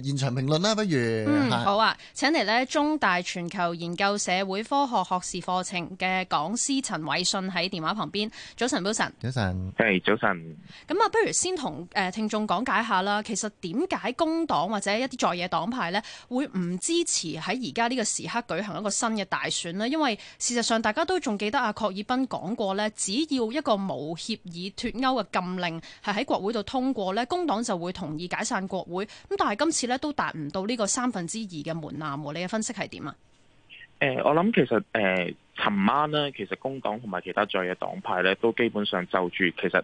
現場評論啦，不如嗯好啊，是請嚟呢中大全球研究社會科學學士課程嘅講師陳偉信喺電話旁邊。早晨安，早晨，早晨，係早晨。咁啊，不如先同誒聽眾講解下啦。其實點解工黨或者一啲在野黨派呢會唔支持喺而家呢個時刻舉行一個新嘅大選呢？因為事實上大家都仲記得阿、啊、霍爾賓講過呢：「只要一個無協議脫歐嘅禁令係喺國會度通過，呢工黨就會同意解散國會。」咁但係今次。咧都達唔到呢個三分之二嘅門檻，你嘅分析係點啊？誒，我諗其實誒，尋晚咧，其實工黨同埋其他在野黨派咧，都基本上就住其實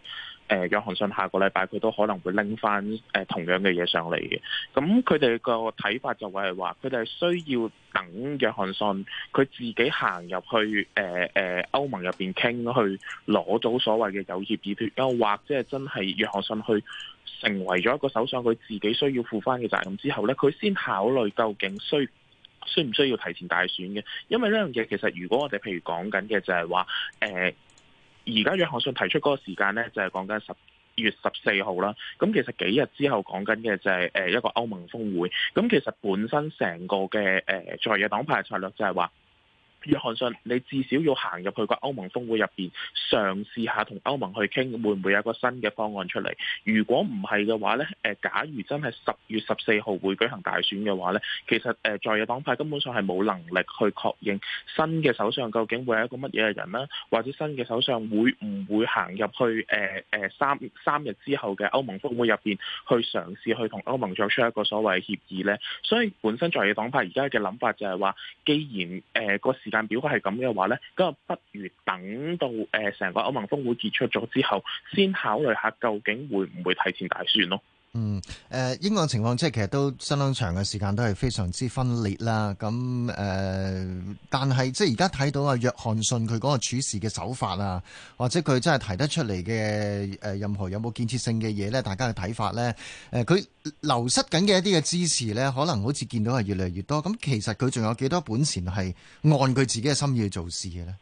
誒，約翰遜下個禮拜佢都可能會拎翻誒同樣嘅嘢上嚟嘅。咁佢哋個睇法就係話，佢哋係需要等約翰遜佢自己行入去誒誒歐盟入邊傾，去攞到所謂嘅有協議脫歐，或者係真係約翰遜去成為咗一個首相，佢自己需要負翻嘅責任之後咧，佢先考慮究竟需需唔需要提前大選嘅？因為呢樣嘢其實，如果我哋譬如講緊嘅就係話，誒而家約翰遜提出嗰個時間咧，就係講緊十月十四號啦。咁其實幾日之後講緊嘅就係誒一個歐盟峰會。咁其實本身成個嘅誒、呃、在野黨派策略就係話。約翰遜，你至少要行入去個歐盟峰會入邊，嘗試下同歐盟去傾，會唔會有個新嘅方案出嚟？如果唔係嘅話呢，誒，假如真係十月十四號會舉行大選嘅話呢，其實誒在野黨派根本上係冇能力去確認新嘅首相究竟會係一個乜嘢嘅人啦，或者新嘅首相會唔會行入去誒誒、呃、三三日之後嘅歐盟峰會入邊去嘗試去同歐盟作出一個所謂協議呢？所以本身在野黨派而家嘅諗法就係話，既然誒個。呃時間表果係咁嘅話咧，咁啊不如等到誒成個歐盟峰會結束咗之後，先考慮下究竟會唔會提前大選咯。嗯，誒、呃，英國情況即係其實都相當長嘅時間，都係非常之分裂啦。咁誒、呃，但係即係而家睇到啊，約翰遜佢嗰個處事嘅手法啊，或者佢真係提得出嚟嘅誒，任何有冇建設性嘅嘢咧？大家嘅睇法咧，誒、呃，佢流失緊嘅一啲嘅支持咧，可能好似見到係越嚟越多。咁其實佢仲有幾多本錢係按佢自己嘅心意去做事嘅咧？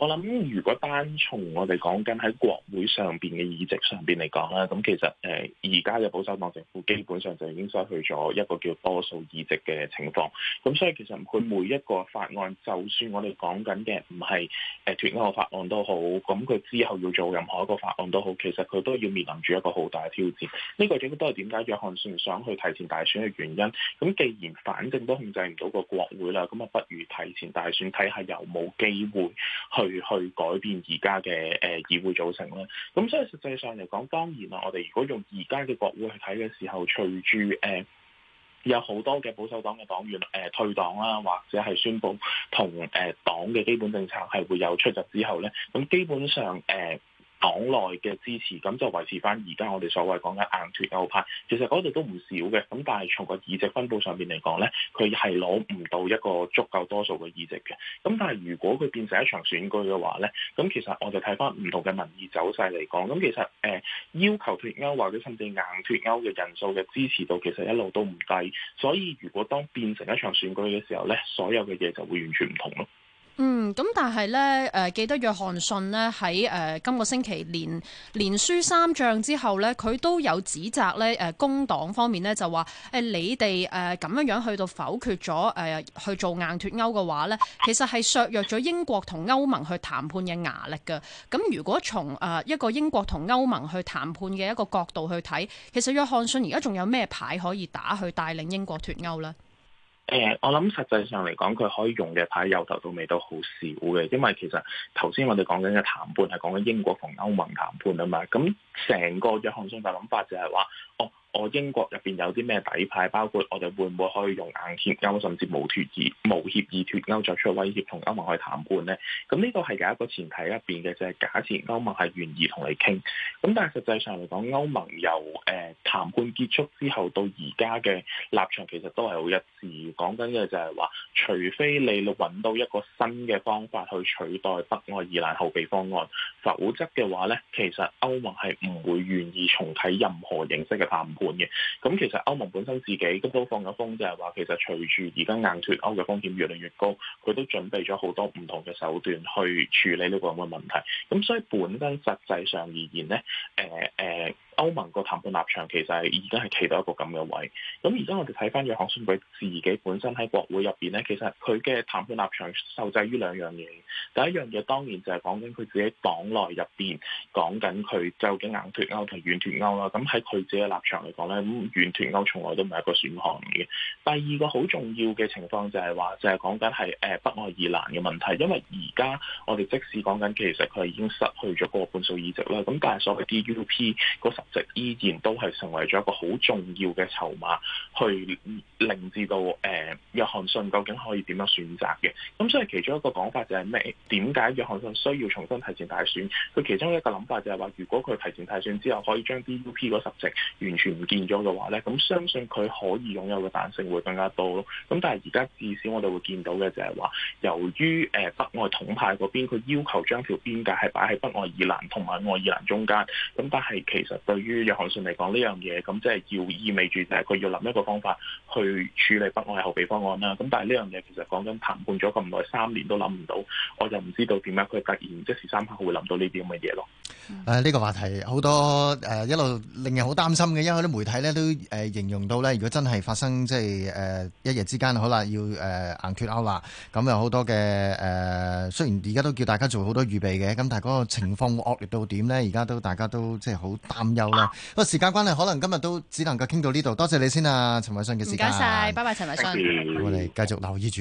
我諗，如果單從我哋講緊喺國會上邊嘅議席上邊嚟講啦，咁其實誒而家嘅保守黨政府基本上就已經失去咗一個叫多數議席嘅情況。咁所以其實佢每一個法案，就算我哋講緊嘅唔係誒脫歐法案都好，咁佢之後要做任何一個法案都好，其實佢都要面臨住一個好大嘅挑戰。呢、這個亦都係點解約翰遜想去提前大選嘅原因。咁既然反正都控制唔到個國會啦，咁啊不如提前大選睇下有冇機會去。去改變而家嘅誒議會組成咧，咁所以實際上嚟講，當然啊，我哋如果用而家嘅國會去睇嘅時候，隨住誒、呃、有好多嘅保守黨嘅黨員誒、呃、退黨啦、啊，或者係宣布同誒、呃、黨嘅基本政策係會有出入之後咧，咁基本上誒。呃黨內嘅支持，咁就維持翻而家我哋所謂講嘅硬脱歐派，其實嗰度都唔少嘅。咁但係從個議席分布上邊嚟講咧，佢係攞唔到一個足夠多數嘅議席嘅。咁但係如果佢變成一場選舉嘅話咧，咁其實我就睇翻唔同嘅民意走勢嚟講，咁其實誒、呃、要求脱歐或者甚至硬脱歐嘅人數嘅支持度其實一路都唔低。所以如果當變成一場選舉嘅時候咧，所有嘅嘢就會完全唔同咯。嗯，咁但係咧，誒、呃、記得約翰遜咧喺誒今個星期連連輸三仗之後咧，佢都有指責咧，誒、呃、工黨方面咧就話誒、呃、你哋誒咁樣樣去到否決咗誒、呃、去做硬脱歐嘅話咧，其實係削弱咗英國同歐盟去談判嘅壓力嘅。咁如果從誒、呃、一個英國同歐盟去談判嘅一個角度去睇，其實約翰遜而家仲有咩牌可以打去帶領英國脱歐咧？誒、嗯，我諗實際上嚟講，佢可以用嘅牌由頭到尾都好少嘅，因為其實頭先我哋講緊嘅談判係講緊英國同歐盟談判啊嘛，咁成個約翰遜大諗法就係話，我、哦。我英國入邊有啲咩底牌？包括我哋會唔會可以用硬脱歐，甚至無脱議無協議脱歐作出威脅，同歐盟去談判呢？咁呢個係有一個前提入邊嘅，就係假設歐盟係願意同你傾。咁但係實際上嚟講，歐盟由誒、呃、談判結束之後到而家嘅立場，其實都係好一致。講緊嘅就係話，除非你揾到一個新嘅方法去取代北愛爾蘭後備方案，否則嘅話呢，其實歐盟係唔會願意重啟任何形式嘅談判。管嘅，咁其實歐盟本身自己都放咗風，就係話其實隨住而家硬脱歐嘅風險越嚟越高，佢都準備咗好多唔同嘅手段去處理呢個咁嘅問題。咁所以本身實際上而言咧，誒、呃、誒。呃歐盟個談判立場其實係已經係企到一個咁嘅位，咁而家我哋睇翻約翰遜佢自己本身喺國會入邊咧，其實佢嘅談判立場受制於兩樣嘢。第一樣嘢當然就係講緊佢自己黨內入邊講緊佢究竟硬脱歐同軟脱歐啦。咁喺佢自己嘅立場嚟講咧，咁軟脱歐從來都唔係一個選項嚟嘅。第二個好重要嘅情況就係話就係、是、講緊係誒北愛爾蘭嘅問題，因為而家我哋即使講緊其實佢係已經失去咗個半數議席啦，咁但係所謂啲 DUP 十依然都係成為咗一個好重要嘅籌碼去，去令至到誒約翰遜究竟可以點樣選擇嘅？咁所以其中一個講法就係咩？點解約翰遜需要重新提前大選？佢其中一個諗法就係、是、話，如果佢提前大選之後可以將 DUP 嗰十席完全唔見咗嘅話咧，咁相信佢可以擁有嘅彈性會更加多咯。咁但係而家至少我哋會見到嘅就係話，由於誒北愛統派嗰邊佢要求將條邊界係擺喺北愛爾蘭同埋愛爾蘭中間，咁但係其實對於約翰遜嚟講呢樣嘢，咁即係要意味住就係誒，佢要諗一個方法去處理北愛係後備方案啦。咁但係呢樣嘢其實講緊談判咗咁耐三年都諗唔到，我就唔知道點解佢突然一時三刻會諗到呢啲咁嘅嘢咯。誒，呢、啊這個話題好多誒、呃，一路令人好擔心嘅，因為啲媒體呢都誒、呃、形容到呢，如果真係發生即係誒一夜之間好啦，要誒、呃、硬脫歐啦，咁有好多嘅誒、呃，雖然而家都叫大家做好多預備嘅，咁但係嗰個情況惡劣到點呢？而家都大家都即係好擔憂啦。不過時間關係，可能今日都只能夠傾到呢度。多謝你先啊，陳偉信嘅時間，唔該晒，拜拜，陳偉信，謝謝，我哋繼續留意住。